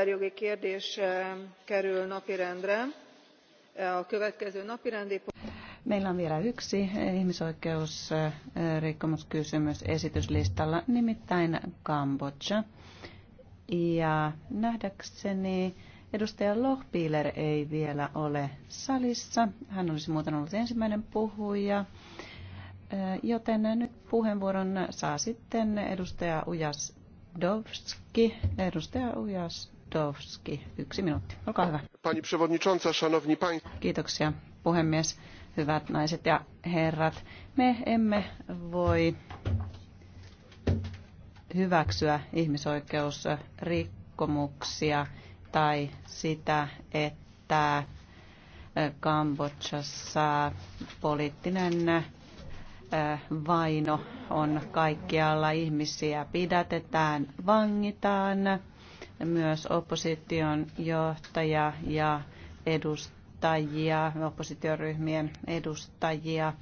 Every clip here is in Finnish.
emberjogi kérdés eh, kerül napirendre. Eh, a következő napirendi Meillä on vielä yksi eh, ihmisoikeusrikkomuskysymys esityslistalla, nimittäin Kambodža. Ja nähdäkseni edustaja Lohpiiler ei vielä ole salissa. Hän olisi muuten ollut ensimmäinen puhuja. Joten nyt puheenvuoron saa sitten edustaja Ujas Dovski. Edustaja Ujas Lewandowski. Yksi minuutti. Olkaa hyvä. Pani przewodnicząca, szanowni państwo. Kiitoksia puhemies, hyvät naiset ja herrat. Me emme voi hyväksyä ihmisoikeusrikkomuksia tai sitä, että Kambodžassa poliittinen vaino on kaikkialla. Ihmisiä pidätetään, vangitaan myös opposition johtaja ja edustajia, oppositioryhmien edustajia.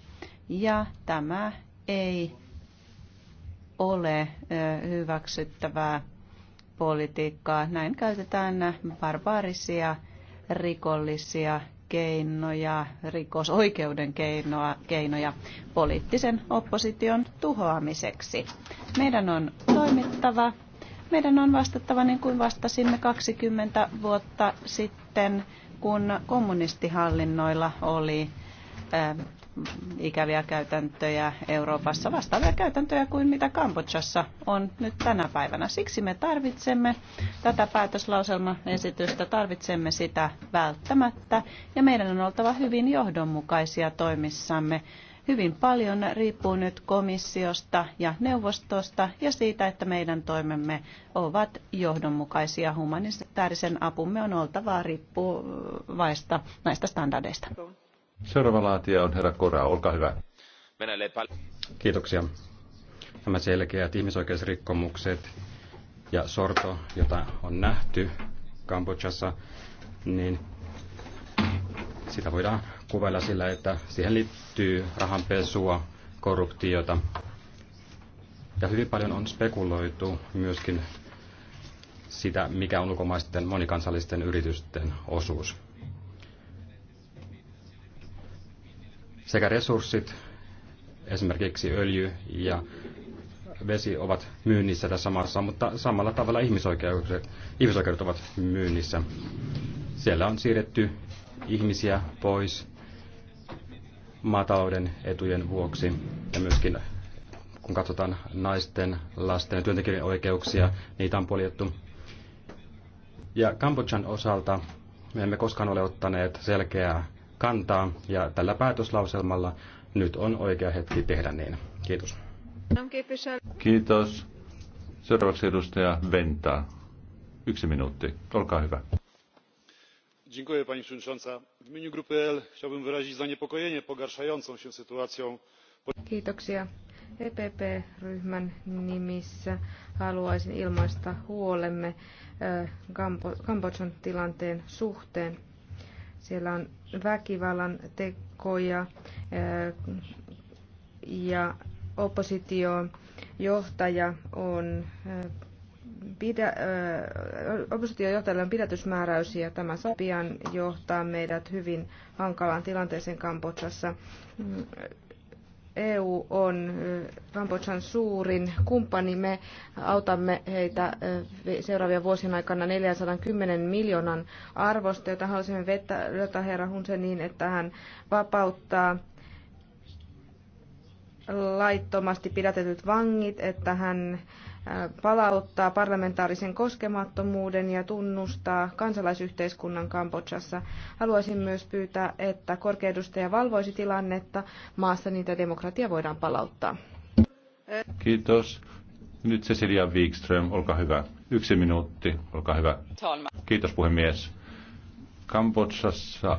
Ja tämä ei ole hyväksyttävää politiikkaa. Näin käytetään barbaarisia rikollisia keinoja, rikosoikeuden keinoa, keinoja poliittisen opposition tuhoamiseksi. Meidän on toimittava meidän on vastattava niin kuin vastasimme 20 vuotta sitten, kun kommunistihallinnoilla oli äh, ikäviä käytäntöjä Euroopassa, vastaavia käytäntöjä kuin mitä Kambodžassa on nyt tänä päivänä. Siksi me tarvitsemme tätä päätöslauselmaesitystä, tarvitsemme sitä välttämättä ja meidän on oltava hyvin johdonmukaisia toimissamme hyvin paljon riippuu nyt komissiosta ja neuvostosta ja siitä, että meidän toimemme ovat johdonmukaisia. Humanitaarisen apumme on oltava riippuvaista näistä standardeista. Seuraava laatija on herra Kora, olkaa hyvä. Kiitoksia. Nämä selkeät ihmisoikeusrikkomukset ja sorto, jota on nähty Kambodžassa, niin sitä voidaan kuvailla sillä, että siihen liittyy rahanpesua, korruptiota. Ja hyvin paljon on spekuloitu myöskin sitä, mikä on ulkomaisten monikansallisten yritysten osuus. Sekä resurssit, esimerkiksi öljy ja vesi ovat myynnissä tässä maassa, mutta samalla tavalla ihmisoikeudet, ihmisoikeudet ovat myynnissä. Siellä on siirretty ihmisiä pois maatalouden etujen vuoksi ja myöskin kun katsotaan naisten, lasten ja työntekijöiden oikeuksia, niitä on poljettu. Ja Kambodjan osalta me emme koskaan ole ottaneet selkeää kantaa ja tällä päätöslauselmalla nyt on oikea hetki tehdä niin. Kiitos. Kiitos. Seuraavaksi edustaja Venta. Yksi minuutti. Olkaa hyvä pani przewodnicząca! w imieniu grupy ppe chciałbym wyrazić zaniepokojenie pogarszającą się sytuacją. epp ryhmän nimissä haluaisin ilmaista huolemme kambodan tilanteen suhteen. siellä on väkivallan tekoja ja johtaja on pidä, oppositiojohtajalle on pidätysmääräys ja tämä sopian johtaa meidät hyvin hankalaan tilanteeseen Kambodsassa. Mm, EU on Kambodsan suurin kumppani. Me autamme heitä seuraavia vuosien aikana 410 miljoonan arvosta, jota halusimme vetää herra Hunse niin, että hän vapauttaa laittomasti pidätetyt vangit, että hän palauttaa parlamentaarisen koskemattomuuden ja tunnustaa kansalaisyhteiskunnan Kambodsassa. Haluaisin myös pyytää, että korkeudustaja valvoisi tilannetta maassa, niitä demokratia voidaan palauttaa. Kiitos. Nyt Cecilia Wikström, olkaa hyvä. Yksi minuutti, olkaa hyvä. Kiitos puhemies. Kambodsassa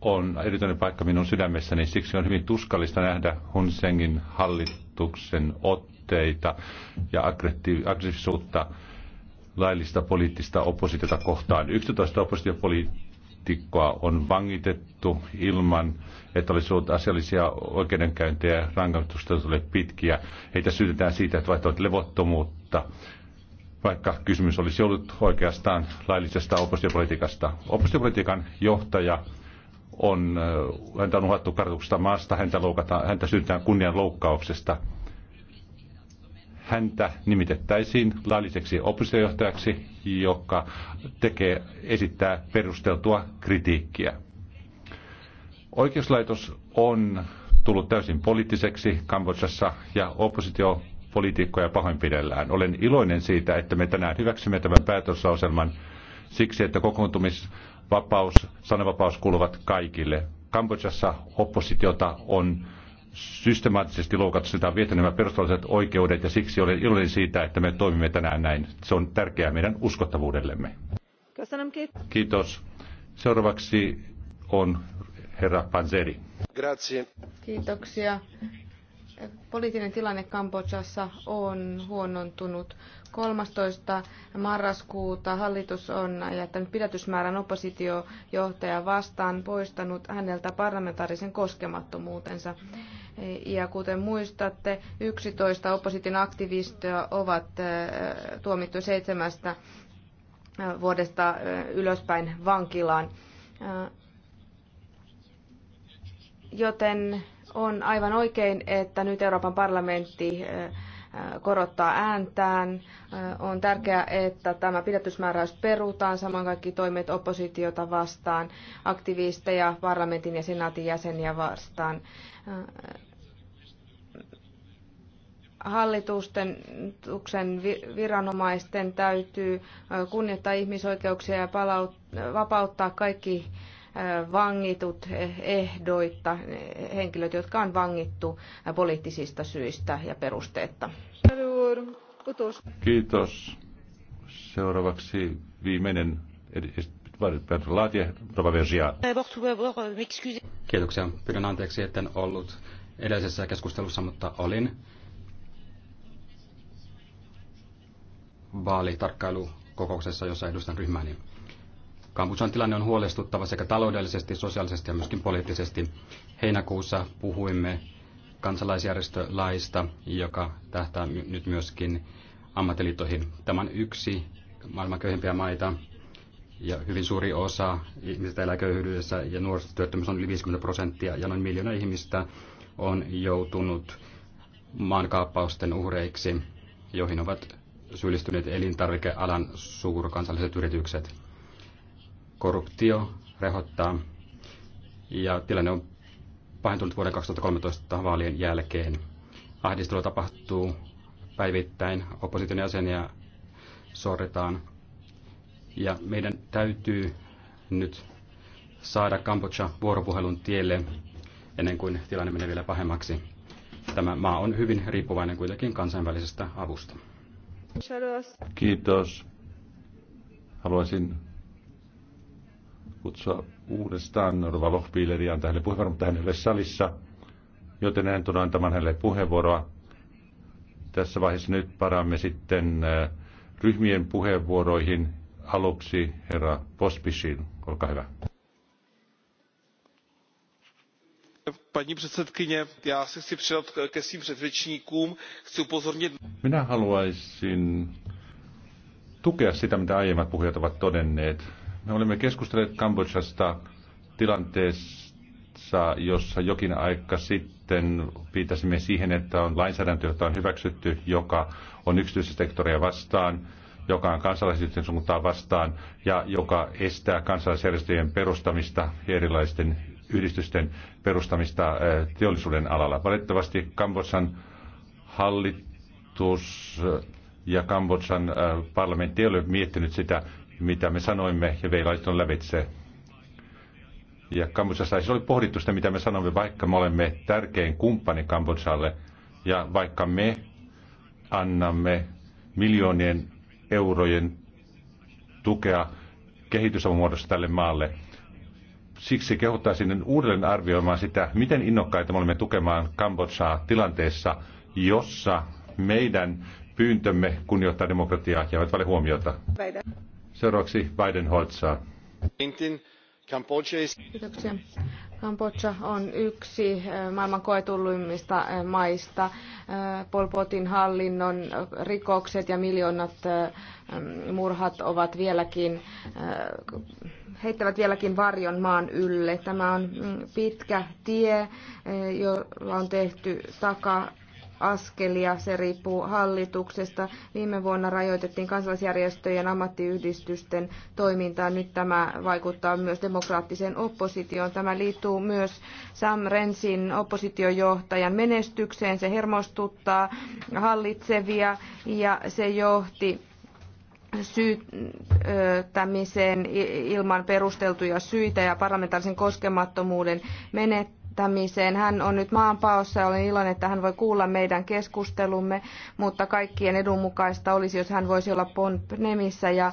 on erityinen paikka minun sydämessäni, siksi on hyvin tuskallista nähdä Hun Sengin hallit hallituksen otteita ja aggressiivisuutta laillista poliittista oppositiota kohtaan. 11 oppositiopoliitikkoa on vangitettu ilman, että olisi ollut asiallisia oikeudenkäyntejä, rangaistusta ole pitkiä. Heitä syytetään siitä, että vaihtoivat levottomuutta, vaikka kysymys olisi ollut oikeastaan laillisesta oppositiopolitiikasta. Oppositiopolitiikan johtaja on, häntä on uhattu kartuksesta maasta, häntä, loukataan, häntä syytetään kunnianloukkauksesta. Häntä nimitettäisiin lailliseksi oppositiojohtajaksi, joka tekee, esittää perusteltua kritiikkiä. Oikeuslaitos on tullut täysin poliittiseksi Kambodsassa ja oppositiopoliitikkoja pahoinpidellään. Olen iloinen siitä, että me tänään hyväksymme tämän päätöslauselman siksi, että kokoontumis vapaus, sananvapaus kuuluvat kaikille. Kambodžassa oppositiota on systemaattisesti loukattu, sitä on viety nämä perustuslailliset oikeudet ja siksi olen iloinen siitä, että me toimimme tänään näin. Se on tärkeää meidän uskottavuudellemme. Kiitos. Seuraavaksi on herra Panzeri. Grazie. Kiitoksia poliittinen tilanne Kambodžassa on huonontunut. 13. marraskuuta hallitus on jättänyt pidätysmäärän oppositiojohtaja vastaan, poistanut häneltä parlamentaarisen koskemattomuutensa. Ja kuten muistatte, 11 opposition aktivistia ovat äh, tuomittu seitsemästä äh, vuodesta äh, ylöspäin vankilaan. Joten on aivan oikein, että nyt Euroopan parlamentti eh, eh, korottaa ääntään. Eh, on tärkeää, että tämä pidätysmääräys perutaan, samoin kaikki toimet oppositiota vastaan, aktivisteja, parlamentin ja senaatin jäseniä vastaan. Hallitusten viranomaisten täytyy kunnioittaa ihmisoikeuksia ja palaut- vapauttaa kaikki vangitut eh, ehdoitta, henkilöt, jotka on vangittu poliittisista syistä ja perusteetta. Kiitos. Seuraavaksi viimeinen Kiitoksia. Pyydän anteeksi, etten ollut edellisessä keskustelussa, mutta olin vaalitarkkailukokouksessa, jossa edustan ryhmäni. Niin Kampusan tilanne on huolestuttava sekä taloudellisesti, sosiaalisesti ja myöskin poliittisesti. Heinäkuussa puhuimme kansalaisjärjestölaista, joka tähtää nyt myöskin ammattiliittoihin. Tämä on yksi maailman köyhimpiä maita ja hyvin suuri osa ihmistä elää köyhyydessä ja nuorisotyöttömyys on yli 50 prosenttia ja noin miljoona ihmistä on joutunut maankaappausten uhreiksi, joihin ovat syyllistyneet elintarvikealan suurkansalliset yritykset korruptio rehottaa ja tilanne on pahentunut vuoden 2013 vaalien jälkeen. Ahdistelu tapahtuu päivittäin, opposition jäseniä sorretaan ja meidän täytyy nyt saada Kambodža vuoropuhelun tielle ennen kuin tilanne menee vielä pahemmaksi. Tämä maa on hyvin riippuvainen kuitenkin kansainvälisestä avusta. Kiitos. Haluaisin kutsua uudestaan Norva Lohpiileriä antaa hänelle puheenvuoron, mutta hän ei ole salissa, joten en tule antamaan hänelle puheenvuoroa. Tässä vaiheessa nyt paramme sitten äh, ryhmien puheenvuoroihin. Aluksi herra Pospisil, olkaa hyvä. paní předsedkyně já se chci přidat ke svým předřečníkům chci upozornit. minä haluaisin tukea sitä mitä aiemmat puhujat ovat todenneet me olemme keskustelleet Kambodžasta tilanteessa, jossa jokin aika sitten viitasimme siihen, että on lainsäädäntö, jota on hyväksytty, joka on yksityistä sektoria vastaan, joka on kansalaisyhteiskuntaa vastaan ja joka estää kansalaisjärjestöjen perustamista erilaisten yhdistysten perustamista äh, teollisuuden alalla. Valitettavasti Kambodsan hallitus ja Kambodsan äh, parlamentti ei ole miettinyt sitä, mitä me sanoimme ja veilaiset on lävitse. Ja Kambodžassa se siis oli pohdittu sitä, mitä me sanomme, vaikka me olemme tärkein kumppani Kambodsalle ja vaikka me annamme miljoonien eurojen tukea kehitysavumuodossa tälle maalle. Siksi kehottaisin uudelleen arvioimaan sitä, miten innokkaita me olemme tukemaan Kambodsaa tilanteessa, jossa meidän pyyntömme kunnioittaa demokratiaa ja ovat paljon huomiota. Seuraavaksi Biden Hotsaa. Kiitoksia. Kambodža on yksi eh, maailman koetulluimmista eh, maista. Eh, Pol Potin hallinnon rikokset ja miljoonat mm, murhat ovat vieläkin, heittävät vieläkin varjon maan ylle. Tämä on mm, pitkä tie, jolla on tehty takaa askelia. Se riippuu hallituksesta. Viime vuonna rajoitettiin kansalaisjärjestöjen ammattiyhdistysten toimintaa. Nyt tämä vaikuttaa myös demokraattiseen oppositioon. Tämä liittyy myös Sam Rensin oppositiojohtajan menestykseen. Se hermostuttaa hallitsevia ja se johti syyttämiseen ilman perusteltuja syitä ja parlamentaarisen koskemattomuuden menettämiseen lähettämiseen. Hän on nyt maanpaossa ja olen iloinen, että hän voi kuulla meidän keskustelumme, mutta kaikkien edun mukaista olisi, jos hän voisi olla Pontnemissä ja äh,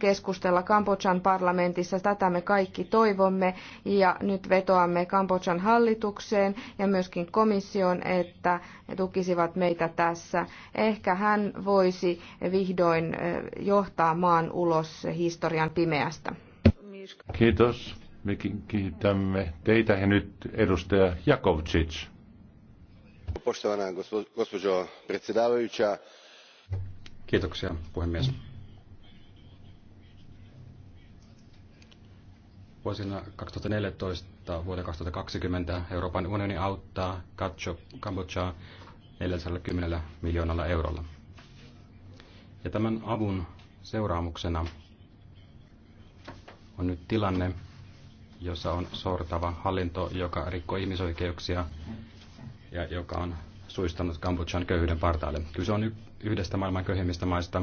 keskustella Kambodjan parlamentissa. Tätä me kaikki toivomme ja nyt vetoamme Kambodjan hallitukseen ja myöskin komission, että tukisivat meitä tässä. Ehkä hän voisi vihdoin äh, johtaa maan ulos historian pimeästä. Kiitos. Me kiitämme teitä ja nyt edustaja Jakovcic. Poštovana gospođo predsjedavajuća. Kiitoksia puhemies. Vuosina 2014 vuoden 2020 Euroopan unioni auttaa Kambodžaa 410 miljoonalla eurolla. Ja tämän avun seuraamuksena on nyt tilanne, jossa on sortava hallinto, joka rikkoi ihmisoikeuksia ja joka on suistanut Kambodjan köyhyyden partaalle. Kyse on yhdestä maailman köyhimmistä maista.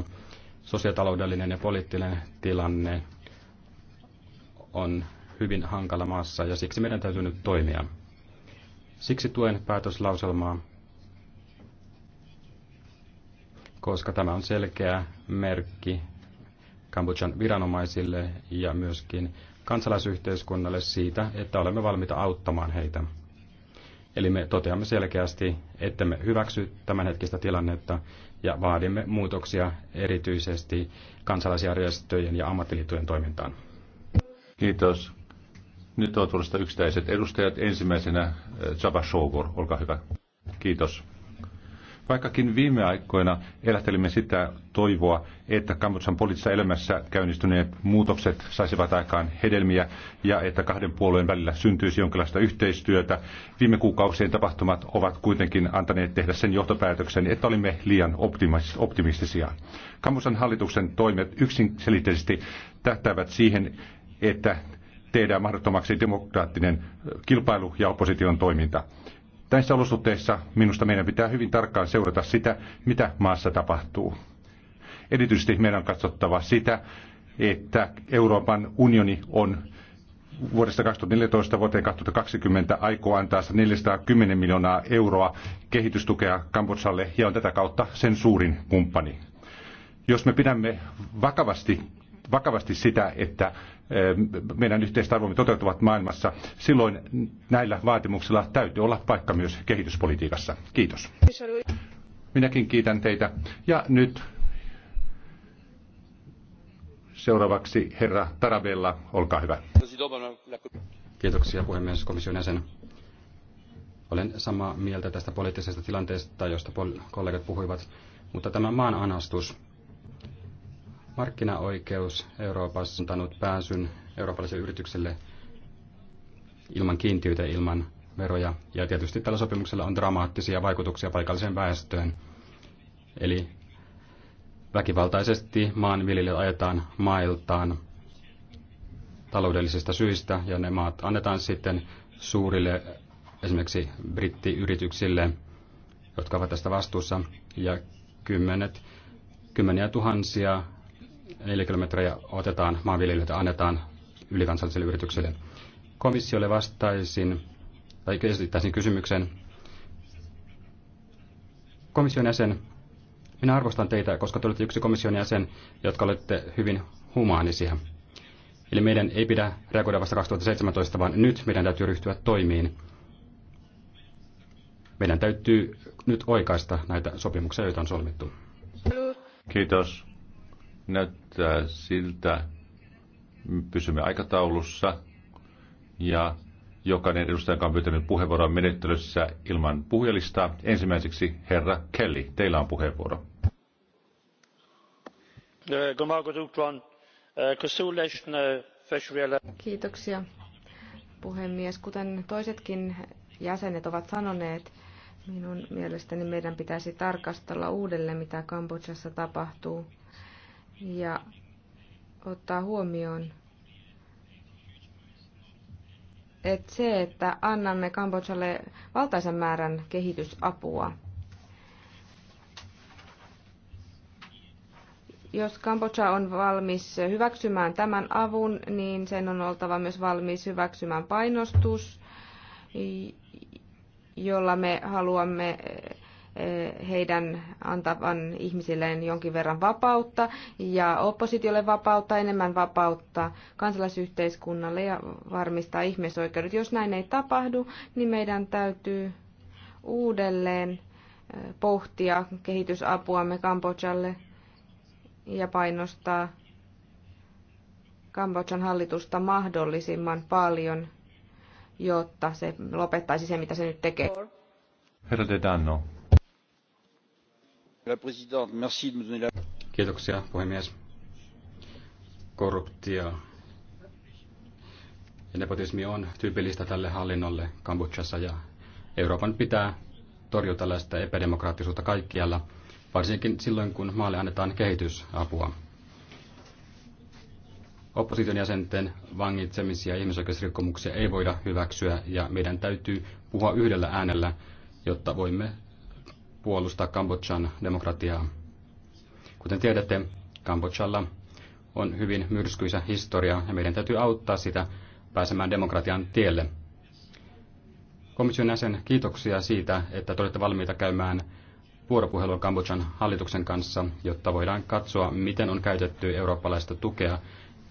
Sosiotaloudellinen ja poliittinen tilanne on hyvin hankala maassa ja siksi meidän täytyy nyt toimia. Siksi tuen päätöslauselmaa, koska tämä on selkeä merkki Kambodjan viranomaisille ja myöskin kansalaisyhteiskunnalle siitä, että olemme valmiita auttamaan heitä. Eli me toteamme selkeästi, että me hyväksy tämänhetkistä tilannetta ja vaadimme muutoksia erityisesti kansalaisjärjestöjen ja ammattiliittojen toimintaan. Kiitos. Nyt on tulosta yksittäiset edustajat. Ensimmäisenä Zaba eh, Shogor, olkaa hyvä. Kiitos. Vaikkakin viime aikoina elähtelimme sitä toivoa, että Kambodsan poliittisessa elämässä käynnistyneet muutokset saisivat aikaan hedelmiä ja että kahden puolueen välillä syntyisi jonkinlaista yhteistyötä. Viime kuukausien tapahtumat ovat kuitenkin antaneet tehdä sen johtopäätöksen, että olimme liian optimistisia. Kambodsan hallituksen toimet yksinselitteisesti tähtäävät siihen, että tehdään mahdottomaksi demokraattinen kilpailu ja opposition toiminta. Näissä olosuhteissa minusta meidän pitää hyvin tarkkaan seurata sitä, mitä maassa tapahtuu. Erityisesti meidän on katsottava sitä, että Euroopan unioni on vuodesta 2014 vuoteen 2020 aikoo antaa 410 miljoonaa euroa kehitystukea Kambodsalle ja on tätä kautta sen suurin kumppani. Jos me pidämme vakavasti vakavasti sitä, että eh, meidän yhteiset arvomme toteutuvat maailmassa, silloin näillä vaatimuksilla täytyy olla paikka myös kehityspolitiikassa. Kiitos. Minäkin kiitän teitä. Ja nyt seuraavaksi herra Tarabella, olkaa hyvä. Kiitoksia puhemies komission jäsen. Olen samaa mieltä tästä poliittisesta tilanteesta, josta kollegat puhuivat, mutta tämä maan anastus Markkinaoikeus Euroopassa on antanut pääsyn eurooppalaisille yrityksille ilman kiintiöitä, ilman veroja. Ja tietysti tällä sopimuksella on dramaattisia vaikutuksia paikalliseen väestöön. Eli väkivaltaisesti maanviljelijät ajetaan mailtaan taloudellisista syistä ja ne maat annetaan sitten suurille esimerkiksi brittiyrityksille, jotka ovat tästä vastuussa ja kymmenet, kymmeniä tuhansia kilometriä otetaan maanviljelijöiltä, annetaan ylikansalliselle yritykselle. Komissiolle vastaisin, tai esittäisin kysymyksen. Komission jäsen, minä arvostan teitä, koska te olette yksi komission jäsen, jotka olette hyvin humaanisia. Eli meidän ei pidä reagoida vasta 2017, vaan nyt meidän täytyy ryhtyä toimiin. Meidän täytyy nyt oikaista näitä sopimuksia, joita on solmittu. Kiitos. Näyttää siltä, pysymme aikataulussa ja jokainen edustaja, joka on pyytänyt puheenvuoroa menettelyssä ilman puhujalistaa. Ensimmäiseksi herra Kelly, teillä on puheenvuoro. Kiitoksia puhemies. Kuten toisetkin jäsenet ovat sanoneet, minun mielestäni meidän pitäisi tarkastella uudelleen, mitä Kambodžassa tapahtuu ja ottaa huomioon, että se, että annamme Kambodžalle valtaisen määrän kehitysapua, jos Kambodža on valmis hyväksymään tämän avun, niin sen on oltava myös valmis hyväksymään painostus, jolla me haluamme heidän antavan ihmisilleen jonkin verran vapautta ja oppositiolle vapautta, enemmän vapautta kansalaisyhteiskunnalle ja varmistaa ihmisoikeudet. Jos näin ei tapahdu, niin meidän täytyy uudelleen pohtia kehitysapuamme Kambodžalle ja painostaa Kambodžan hallitusta mahdollisimman paljon, jotta se lopettaisi se, mitä se nyt tekee. Herra de Danno arvoisa puhemies. Korruptio ja nepotismi on tyypillistä tälle hallinnolle Kambodžassa ja Euroopan pitää torjua tällaista epädemokraattisuutta kaikkialla, varsinkin silloin kun maalle annetaan kehitysapua. Opposition jäsenten vangitsemisia ja ihmisoikeusrikkomuksia ei voida hyväksyä ja meidän täytyy puhua yhdellä äänellä, jotta voimme puolustaa Kambodjan demokratiaa. Kuten tiedätte, Kambodjalla on hyvin myrskyisä historia ja meidän täytyy auttaa sitä pääsemään demokratian tielle. Komission jäsen, kiitoksia siitä, että olette valmiita käymään vuoropuhelua Kambodjan hallituksen kanssa, jotta voidaan katsoa, miten on käytetty eurooppalaista tukea,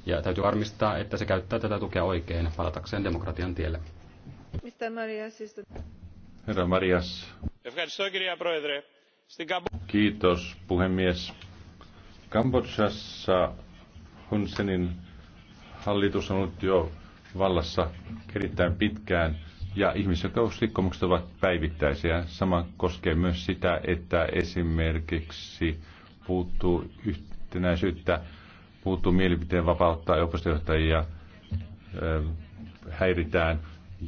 ja täytyy varmistaa, että se käyttää tätä tukea oikein palatakseen demokratian tielle. Herra Marias. Kiitos, puhemies. Kambodsassa Hun Senin hallitus on ollut jo vallassa erittäin pitkään ja ihmisoikeusrikkomukset ovat päivittäisiä. Sama koskee myös sitä, että esimerkiksi puuttuu yhtenäisyyttä, puuttuu mielipiteen vapautta ja oppositiojohtajia häiritään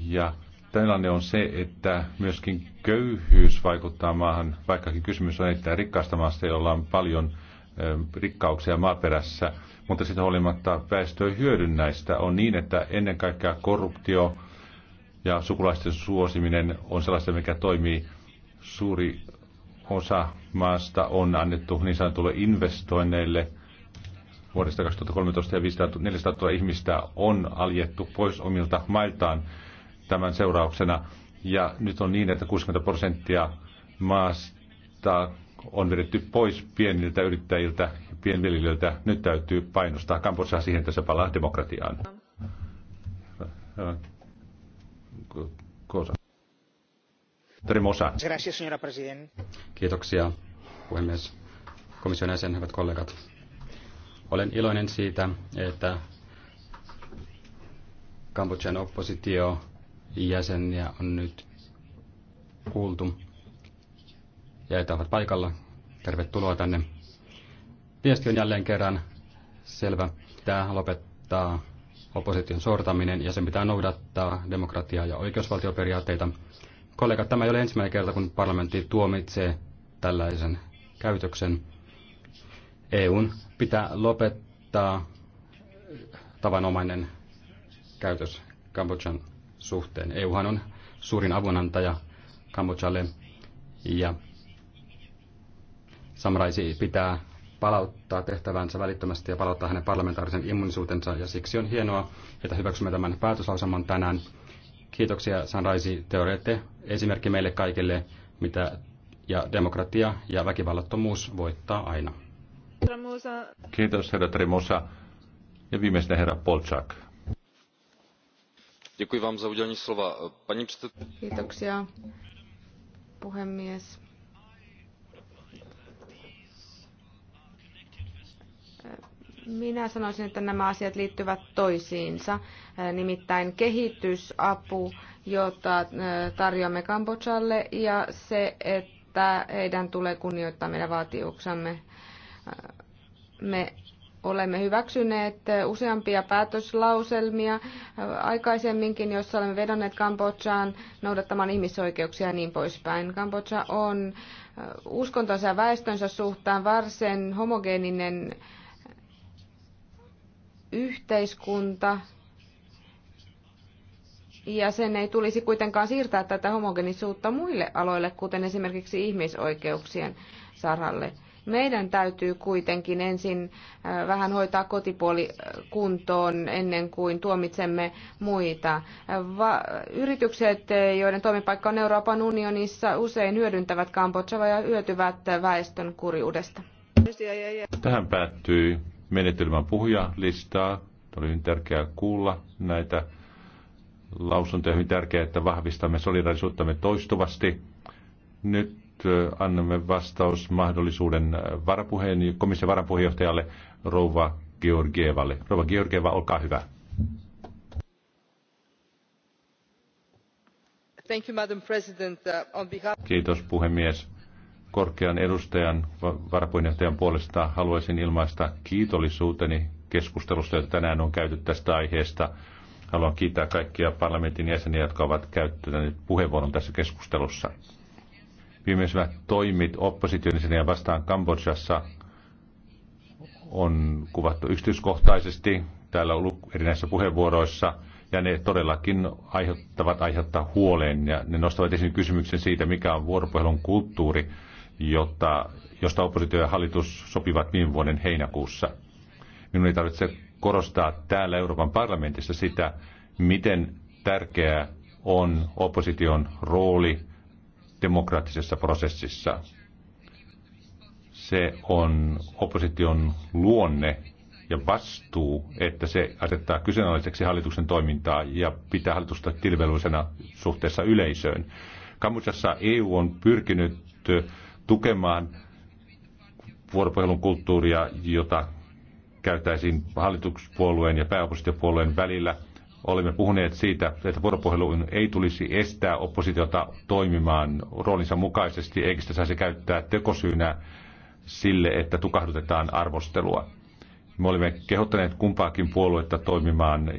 ja Tilanne on se, että myöskin köyhyys vaikuttaa maahan, vaikkakin kysymys on erittäin rikkaasta maasta, jolla on paljon rikkauksia maaperässä, mutta sitä huolimatta väestöä hyödynnäistä On niin, että ennen kaikkea korruptio ja sukulaisten suosiminen on sellaista, mikä toimii. Suuri osa maasta on annettu niin sanotulle investoinneille. Vuodesta 2013 ja 400 000 ihmistä on aljettu pois omilta mailtaan tämän seurauksena. Ja nyt on niin, että 60 prosenttia maasta on vedetty pois pieniltä yrittäjiltä, pienviljelijöiltä. Nyt täytyy painostaa Kambodsaa siihen, että se palaa demokratiaan. Kiitoksia, puhemies, komission jäsen, hyvät kollegat. Olen iloinen siitä, että Kambodjan oppositio jäseniä on nyt kuultu ja että ovat paikalla. Tervetuloa tänne. Viesti on jälleen kerran selvä. Tämä lopettaa opposition sortaminen ja sen pitää noudattaa demokratiaa ja oikeusvaltioperiaatteita. Kollegat, tämä ei ole ensimmäinen kerta, kun parlamentti tuomitsee tällaisen käytöksen. EUn pitää lopettaa tavanomainen käytös Kambodjan suhteen. EUhan on suurin avunantaja Kambodžalle ja samraisi pitää palauttaa tehtävänsä välittömästi ja palauttaa hänen parlamentaarisen immunisuutensa. Ja siksi on hienoa, että hyväksymme tämän päätöslausaman tänään. Kiitoksia Sunrise. Teoreette. esimerkki meille kaikille, mitä ja demokratia ja väkivallattomuus voittaa aina. Kiitos herra Tremosa ja viimeisenä herra Polchak. Kiitoksia, puhemies. Minä sanoisin, että nämä asiat liittyvät toisiinsa, nimittäin kehitysapu, jota tarjoamme kambodalle ja se, että heidän tulee kunnioittaa meidän vaatimuksiamme. Me Olemme hyväksyneet useampia päätöslauselmia äh, aikaisemminkin, joissa olemme vedonneet Kambodžaan noudattamaan ihmisoikeuksia ja niin poispäin. Kambodža on äh, uskontonsa ja väestönsä suhtaan varsin homogeeninen äh, yhteiskunta, ja sen ei tulisi kuitenkaan siirtää tätä homogenisuutta muille aloille, kuten esimerkiksi ihmisoikeuksien saralle. Meidän täytyy kuitenkin ensin äh, vähän hoitaa kotipuoli äh, kuntoon ennen kuin tuomitsemme muita. Äh, yritykset, joiden toimipaikka on Euroopan unionissa, usein hyödyntävät Kambodžaa ja hyötyvät väestön kurjuudesta. Tähän päättyy menetelmän puhujalistaa. Oli hyvin tärkeää kuulla näitä lausuntoja. Hyvin tärkeää, että vahvistamme solidarisuuttamme toistuvasti. Nyt annamme vastausmahdollisuuden varapuheen, komission varapuheenjohtajalle Rouva Georgievalle. Rouva Georgieva, olkaa hyvä. Thank you, Madam President. Uh, on behalf... Kiitos puhemies. Korkean edustajan varapuheenjohtajan puolesta haluaisin ilmaista kiitollisuuteni keskustelusta, jota tänään on käyty tästä aiheesta. Haluan kiittää kaikkia parlamentin jäseniä, jotka ovat käyttäneet puheenvuoron tässä keskustelussa viimeisimmät toimit oppositionisenä ja vastaan Kambodžassa on kuvattu yksityiskohtaisesti täällä ollut erinäisissä puheenvuoroissa, ja ne todellakin aiheuttavat aiheuttaa huoleen, ja ne nostavat esiin kysymyksen siitä, mikä on vuoropuhelun kulttuuri, jotta, josta oppositio ja hallitus sopivat viime vuoden heinäkuussa. Minun ei tarvitse korostaa täällä Euroopan parlamentissa sitä, miten tärkeää on opposition rooli demokraattisessa prosessissa. Se on opposition luonne ja vastuu, että se asettaa kyseenalaiseksi hallituksen toimintaa ja pitää hallitusta tilvelullisena suhteessa yleisöön. Kambodjassa EU on pyrkinyt tukemaan vuoropuhelun kulttuuria, jota käytäisiin hallituspuolueen ja pääoppositiopuolueen välillä – Olimme puhuneet siitä, että vuoropuhelun ei tulisi estää oppositiota toimimaan roolinsa mukaisesti, eikä sitä saisi käyttää tekosyynä sille, että tukahdutetaan arvostelua. Me olimme kehottaneet kumpaakin puoluetta toimimaan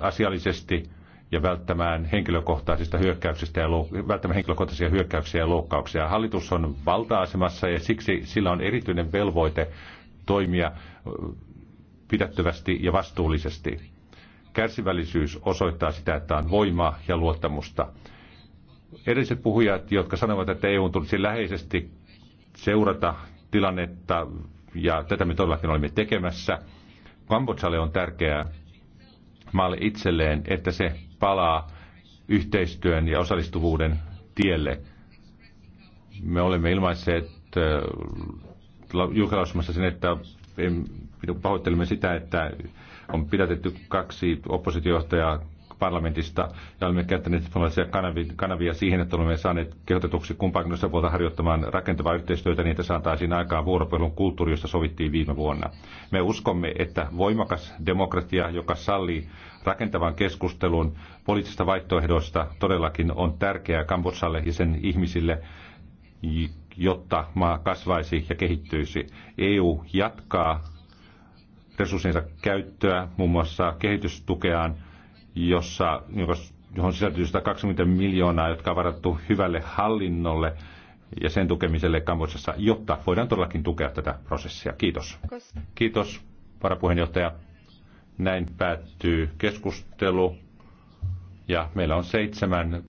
asiallisesti ja välttämään henkilökohtaisista hyökkäyksistä ja välttämään henkilökohtaisia hyökkäyksiä ja loukkauksia. Hallitus on valta-asemassa ja siksi sillä on erityinen velvoite toimia pidättyvästi ja vastuullisesti. Kärsivällisyys osoittaa sitä, että on voimaa ja luottamusta. Edelliset puhujat, jotka sanovat, että EU tulisi läheisesti seurata tilannetta, ja tätä me todellakin olemme tekemässä. Kambodsalle on tärkeää maalle itselleen, että se palaa yhteistyön ja osallistuvuuden tielle. Me olemme ilmaisseet äh, julkilausumassa sen, että pahoittelemme sitä, että on pidätetty kaksi oppositiojohtajaa parlamentista ja olemme käyttäneet diplomaattisia kanavia, kanavia siihen, että olemme saaneet kehotetuksi kumpaakin osapuolta harjoittamaan rakentavaa yhteistyötä niin, että saataisiin aikaan vuoropuhelun kulttuuri, josta sovittiin viime vuonna. Me uskomme, että voimakas demokratia, joka sallii rakentavan keskustelun poliittisista vaihtoehdoista, todellakin on tärkeää Kambodsalle ja sen ihmisille, jotta maa kasvaisi ja kehittyisi. EU jatkaa resurssinsa käyttöä, muun muassa kehitystukeaan, jossa, johon sisältyy 120 miljoonaa, jotka on varattu hyvälle hallinnolle ja sen tukemiselle Kambodsassa, jotta voidaan todellakin tukea tätä prosessia. Kiitos. Kiitos, varapuheenjohtaja. Näin päättyy keskustelu ja meillä on seitsemän